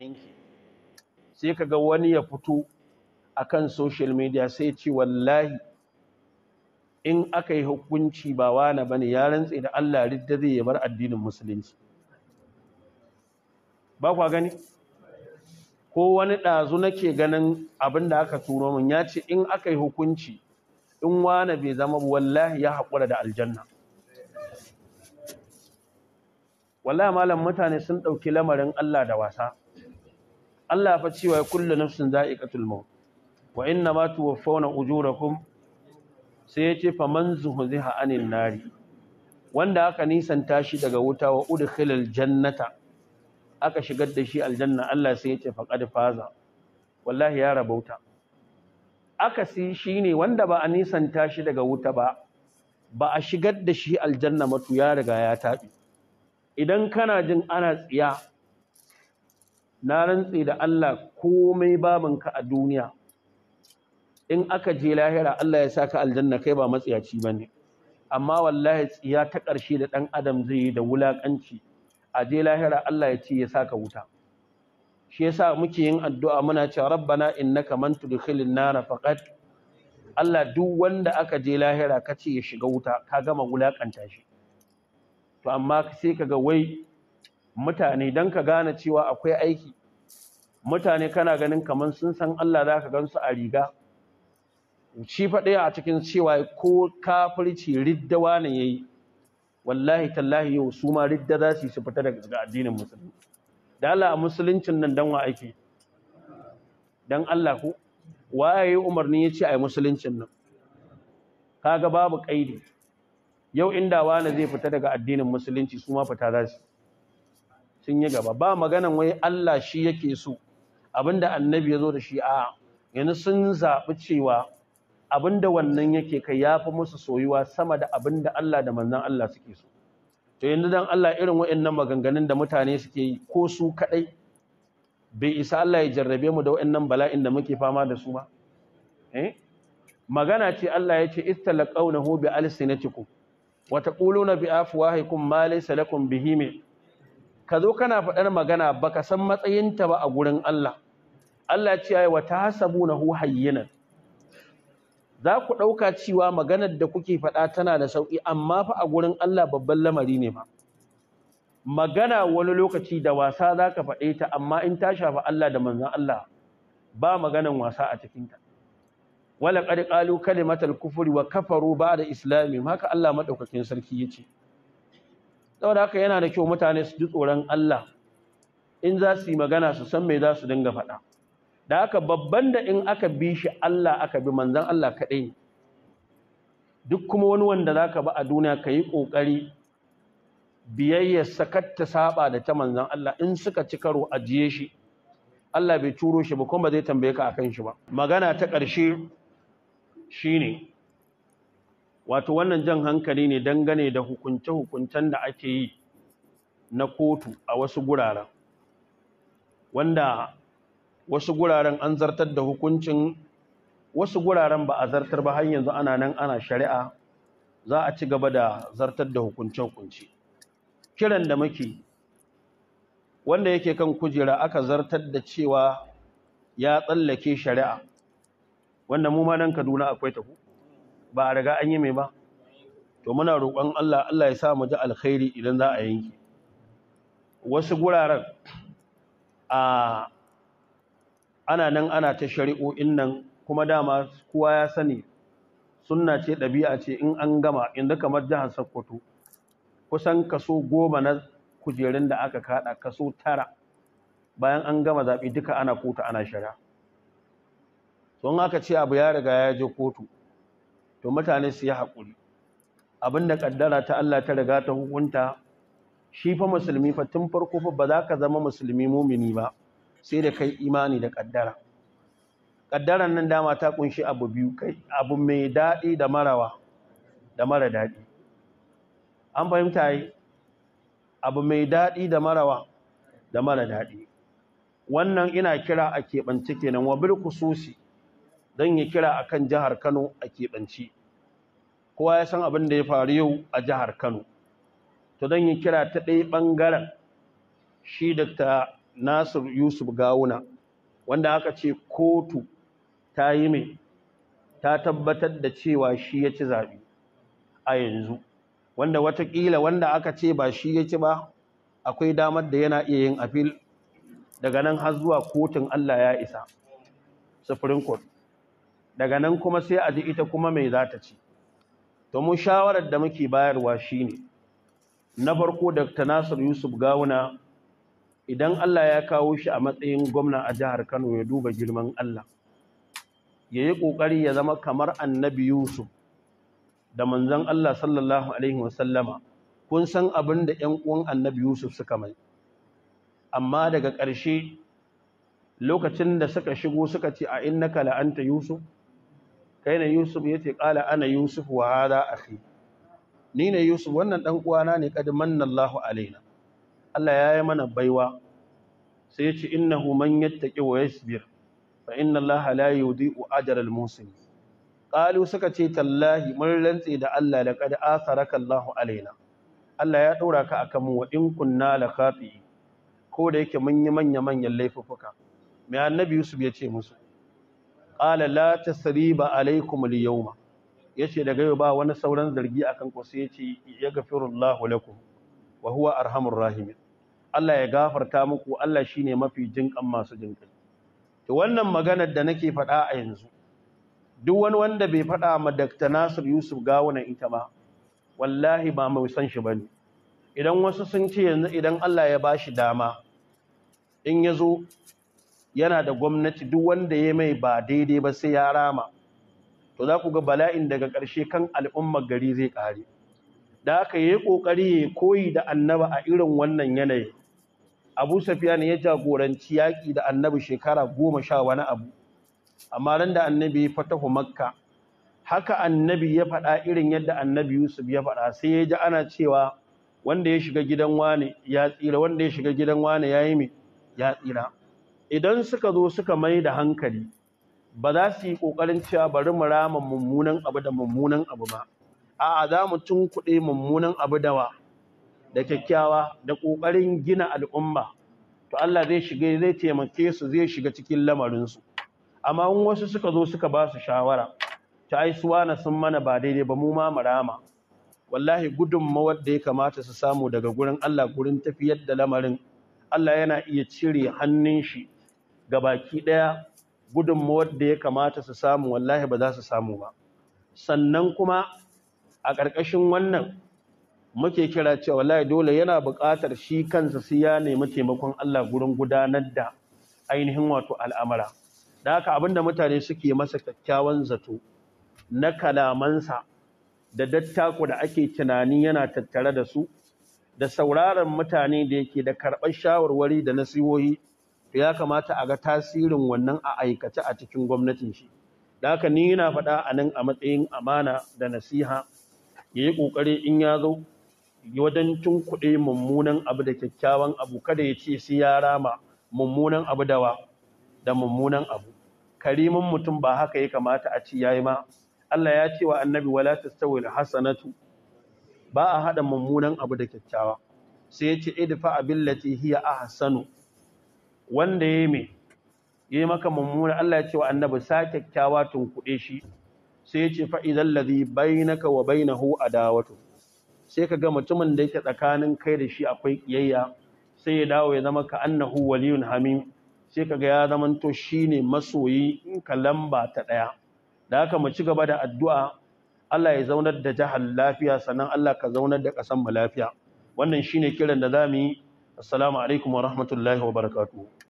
yanki sai ga wani ya fito akan social media sai ce wallahi in aka yi hukunci ba wani bane ya rantse da Allah ridda zai ya bar addinin musulunci ba kwa gani ko wani ɗazu nake ganin abin da aka turo min ya ce in aka yi hukunci in wani bai zama wallahi ya haƙura da aljanna wallahi malam mutane sun ɗauki lamarin Allah da wasa Allah fa cewa kullu nafsin za'iqatul maut wa inna ma tuwaffawna ujurakum sai yace faman zuhziha anin nari wanda aka nisanta shi daga wuta wa udkhilal jannata aka shigar da shi aljanna Allah sai yace faqad faza wallahi ya rabauta aka si shine wanda ba a nisanta shi daga wuta ba ba a shigar da shi aljanna matu ya riga ya tabi idan kana jin ana tsiya na rantse da Allah komai babanka a duniya in aka je lahira Allah ya saka aljanna kai ba matsiyaci bane amma wallahi tsiya ta ƙarshe da ɗan adam zai yi da wulaƙanci a je lahira Allah ya ce ya saka wuta shi yasa muke yin addu'a muna cewa rabbana innaka man tudkhilin nar faqat Allah duk wanda aka je lahira kace ya shiga wuta ka gama wulakanta shi to amma sai kaga wai mutane don ka gane cewa akwai aiki mutane kana ganin kamar sun san Allah za ka gansu a riga shi faɗi a cikin cewa ko kafirci riddawa ne ya yi wallahi tallahi yau su ma ridda za su yi su fita daga addinin musulmi da Allah a musuluncin nan don wa aiki don Allah ku waye umarni ya ce a yi musuluncin nan kaga babu ƙaidi yau inda wani zai fita daga addinin musulunci su ma fita za su sun yi gaba ba maganan wai Allah shi yake so abinda annabi ya zo da shi a yanzu sun zaɓi cewa abinda wannan yake kai ya fi musu soyuwa sama da abinda Allah da manzan Allah suke so to yanzu dan Allah irin waɗannan maganganun da mutane suke yi ko su kaɗai bai isa Allah ya jarrabe mu da waɗannan bala'in da muke fama da su ba eh? magana ce Allah ya ce istalaqawnahu bi alsinatikum wa taquluna bi afwahikum ma laysa lakum bihi ka zo kana faɗar magana ba ka san matsayinta ba a gurin Allah Allah ya ce wa wa hu hayyinan za ku ɗauka cewa maganar da kuke faɗa tana da sauƙi amma fa a gurin Allah babban lamari ne ba magana wani lokaci da wasa za ka faɗe ta amma in ta shafa Allah da manzan Allah ba maganan wasa a cikinta wala ƙari ƙalu kalimatal kufuri wa kafaru ba da islami haka Allah maɗaukakin sarki ya ce. saboda haka yana da kyau mutane su ji tsoron Allah in za su yi magana su san me za su dinga faɗa da haka babban da in aka bi shi Allah aka bi manzon Allah kaɗai duk kuma wani wanda za ka ba a duniya ka yi ƙoƙari biyayyar sakatta saba da ta manzon Allah in suka ci karo ajiye shi Allah bai turo shi ba kuma ba zai tambaye ka akan shi ba magana ta ƙarshe shine wato wannan jan hankali ne dangane da hukunce-hukuncen da ake yi na kotu a wasu guraren wanda wasu guraren an zartar da hukuncin wasu guraren ba a zartar ba har yanzu ana nan ana shari'a za a ci gaba da zartar da hukunce-hukunce kiran da muke wanda yake kan kujera aka zartar da cewa ya tsallake shari'a wanda mu ma nan Kaduna akwai tafi ba a riga an yi mai ba to muna roƙon Allah Allah ya sa mu ji alkhairi idan za a yanki wasu guraren a ana nan ana ta shari'o'in nan kuma dama kowa ya sani sunna ce ɗabi'a ce in an gama inda kamar jihar Sokoto kusan kaso goma na kujerun da aka kada kaso tara bayan an gama zaɓe duka ana kotu ana shari'a don aka ce abu ya riga ya je kotu to mutane su yi haƙuri abinda ƙaddara ta Allah ta riga ta hukunta shi fa musulmi fa tun farko fa ba za ka zama musulmi mumini ba sai da kai imani da ƙaddara ƙaddaran nan dama ta ƙunshi abu biyu kai abu mai daɗi da marawa da mara daɗi an fahimta yi abu mai daɗi da marawa da mara daɗi wannan ina kira a keɓance kenan wa bil kususi don ya kira kan jihar Kano a keɓance kowa ya san abin da ya faru yau a jihar Kano to don ya kira ta ɗaya ɓangaren shi Dr. Nasir Yusuf Gawuna wanda aka ce kotu ta yi mai ta tabbatar da cewa shi ya ci zaɓe a yanzu wanda watakila wanda aka ce ba shi ya ci ba akwai damar da yana iya yin afil daga nan har zuwa kotun Allah ya isa supreme court daga nan kuma sai a ji ita kuma mai za ta ci to mu shawarar da muke bayarwa shine na farko Dr. Nasir Yusuf Gawuna idan Allah ya kawo shi a matsayin gwamna a jihar Kano ya duba girman Allah ya yi ƙoƙari ya zama kamar annabi Yusuf da manzan Allah sallallahu alaihi wasallama kun san abin da 'yan uwan annabi Yusuf suka mai amma daga ƙarshe lokacin da suka shigo suka ce a innaka la'anta Yusuf kai yusuf ya ce ƙala ana yusuf wa hada akhi ni ne yusuf wannan ɗan uwana ne kad manna Allahu alaina Allah ya yi mana baiwa sai ya innahu man yattaqi wa yasbir fa inna la yudi'u ajra al-musin qalu suka ce tallahi mun rantse da Allah da asaraka Allahu alaina Allah ya ɗora ka akan mu wa kunna la ko da yake mun yi manya manyan laifuffuka mai annabi yusuf ya ce musu ƙala la tasriba alaykum al Ya ce daga yau ba wani sauran zargi akan ya sai ya yaghfirullahu lakum wa huwa arhamur rahimin Allah ya gafarta muku Allah shi ne mafi jinkan masu jinkai ta wannan maganar da nake faɗa a yanzu duk wani wanda bai faɗa ma Dr. Nasir Yusuf Gawuna ita ba wallahi ba mai san shi ba ne. idan wasu sun ce yanzu idan Allah ya bashi dama in yazo yana da gwamnati duk wanda ya mai ba daidai ba sai ya rama to za ku ga bala'in daga ƙarshe kan al'ummar gari zai ƙare da aka yi ƙoƙari ya koyi da annaba a irin wannan yanayi abu Safiya safiyan ya jagoranci yaƙi da annabi shekara goma sha wani abu amma ran da annabi ya fatahu makka haka annabi ya faɗa irin yadda annabi yusuf ya faɗa sai ya ji ana cewa wanda ya shiga gidan wane ya tsira wanda ya shiga gidan wane ya yi mai ya tsira idan suka zo suka mai da hankali ba za su yi ƙoƙarin cewa bari mu rama mummunan abu da mummunan abu ba a'a za mu kuɗi mummunan abu dawa da kyakkyawa da ƙoƙarin gina al'umma to Allah zai shiga zai taimake su zai shiga cikin lamarinsu amma in wasu suka zo suka ba su shawara ta ai suwana sun mana ba daidai ba mu ma mu rama wallahi gudunmawar da ya kamata su samu daga gurin Allah gurin tafiyar da lamarin Allah yana iya cire hannun shi Ga baki ɗaya gudunmuwar da ya kamata su samu wallahi ba za su samu ba sannan kuma a ƙarƙashin wannan muke kira cewa wallahi dole yana buƙatar shi kansa su ya nemi taimakon Allah gurin gudanar da ainihin wato al'amara da haka abinda mutane suke masa kyakkyawan zato na kalamansa da dattako da ake tunani yana tattare da su da sauraron mutane da yake da karɓar shawarwari da nasihohi ya kamata a ga tasirin wannan a aikace a cikin gwamnatin shi da haka ni yana faɗa a nan a matsayin amana da nasiha ya yi ƙoƙari in ya zo wajen kuɗi mummunan abu da kyakkyawan abu kada ya ce sai ya rama mummunan abu dawa da mummunan abu karimin mutum ba haka ya kamata a ci ya yi ma Allah ya ce wa annabi wala tastawil hasanatu ba a haɗa mummunan abu da kyakkyawa sai ya ce idfa billati hiya ahsanu wanda ya mai yi maka mummuna Allah ya ce wa annabi sa kyakkyawa tun kuɗe shi sai ya ce fa'izan lazi bainaka wa bainahu dawatu sai ka ga mutumin da yake tsakanin kai da shi akwai kiyayya sai ya dawo ya zama ka annahu waliyun hamim sai ka ga ya to shi ne masoyi in ka lamba ta ɗaya da haka mu ci gaba da addu'a Allah ya zaunar da jihar lafiya sannan Allah ka zaunar da ƙasar mu lafiya wannan shi ne kiran da za mu yi assalamu alaikum wa rahmatullahi wa barakatuhu